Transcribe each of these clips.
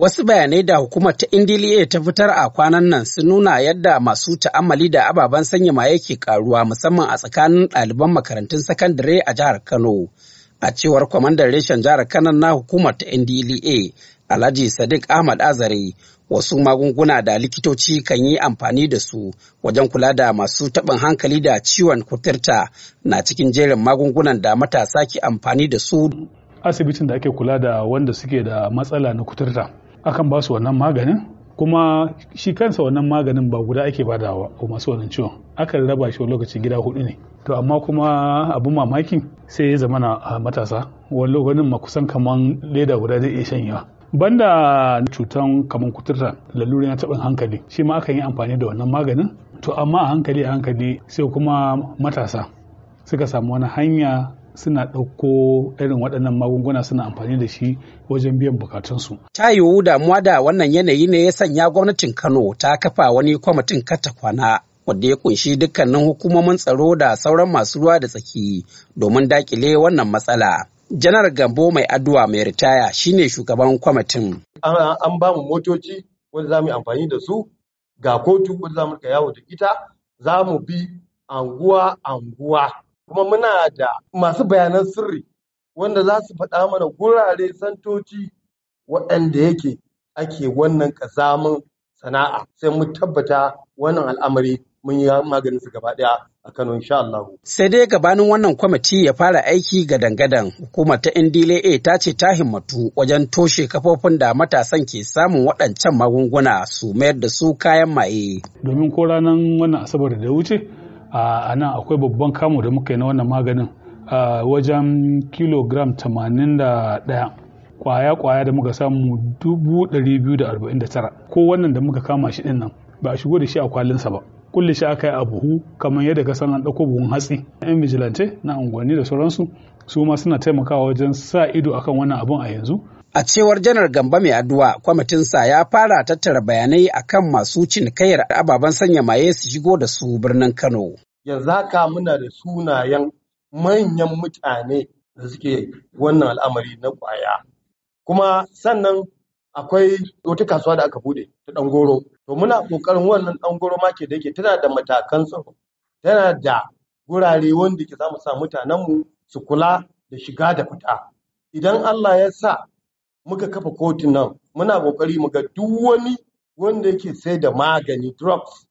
Wasu bayanai da hukumar ta Indiliya ta fitar a kwanan nan sun nuna yadda masu ta'ammali da ababen sanya maye ke karuwa musamman a tsakanin ɗaliban makarantun sakandare a jihar Kano. A cewar kwamandan reshen jihar Kano na hukumar ta NDLEA, Alhaji Sadiq Ahmad Azare, wasu magunguna da likitoci kan yi amfani da su wajen kula da masu taɓin hankali da ciwon kuturta na cikin jerin magungunan da matasa ke amfani da su asibitin da ake kula da wanda suke da matsala na kuturta akan ba su wannan maganin kuma shi kansa wannan maganin ba guda ake badawa ko masu wannan ciwon akan raba shi lokacin gida hudu ne to amma kuma abin mamaki sai ya zama na matasa wani lokacin ma kusan kaman leda guda zai iya shanyewa banda cutan kaman kuturta lalura na taɓin hankali shi ma akan yi amfani da wannan maganin to amma a hankali a hankali sai kuma matasa suka samu wani hanya suna ɗauko irin waɗannan magunguna suna amfani da shi wajen biyan bukatunsu. Ta yiwu damuwa da wannan yanayi ne ya sanya gwamnatin Kano ta kafa wani kwamitin katakwana wanda ya kunshi dukkanin hukumomin tsaro da sauran masu ruwa da tsaki domin dakile wannan matsala. Janar Gambo mai addu'a mai ritaya shine shugaban kwamitin. An ba mu motoci wanda za mu amfani da su ga kotu wanda za mu yawo da ita za mu bi anguwa anguwa kuma muna da masu bayanan sirri wanda za su faɗa mana gurare santoci waɗanda yake ake wannan ƙazamin sana'a sai mu tabbata wannan al'amari mun yi maganin su gaba ɗaya a Kano insha Allah. Sai dai gabanin wannan kwamiti ya fara aiki ga dangadan hukumar ta NDLA ta ce ta himmatu wajen toshe kafofin da matasan ke samun waɗancan magunguna su mayar da su kayan maye. Domin ko ranar wannan asabar da wuce a nan akwai babban kamo da muka yi na wannan maganin a wajen kilogram 81 kwaya-kwaya da muka samu 249 ko wannan da muka kama shi din nan ba a shigo da shi a kwalinsa ba kulle shi aka yi a buhu kamar yadda ka san an ɗauko buhun hatsi yan vigilante na unguwanni da sauransu su ma suna taimakawa wajen sa ido akan wannan abun a yanzu A cewar Janar Gamba mai addu'a kwamitinsa ya fara tattara bayanai akan masu cinikayyar ababen sanya maye su shigo da su birnin Kano. Yanzu haka muna da sunayen manyan mutane da suke wannan al'amari na kwaya. Kuma sannan akwai wata kasuwa da aka bude ta ɗangoro. To muna ƙoƙarin wannan ɗangoro make da yake tana da matakan tsaro, tana da gurare wanda ke za mu sa mutanenmu su kula da shiga da fita. Idan Allah ya sa muka kafa kotun nan muna kokari muga duk wani wanda yake sai da magani drugs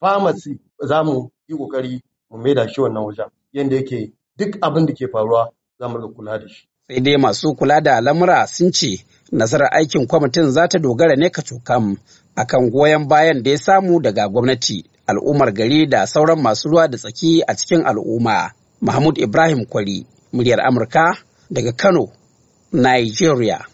pharmacy za mu yi kokari mu da shi wannan wajen yanda yake duk abin da ke faruwa za mu kula da shi sai dai masu kula da lamura sun ce nasarar aikin kwamitin za ta dogara ne ka kacokam akan goyon bayan da ya samu daga gwamnati al'ummar gari da sauran masu ruwa da tsaki a cikin al'umma mahmud ibrahim kwari muryar amurka daga kano nigeria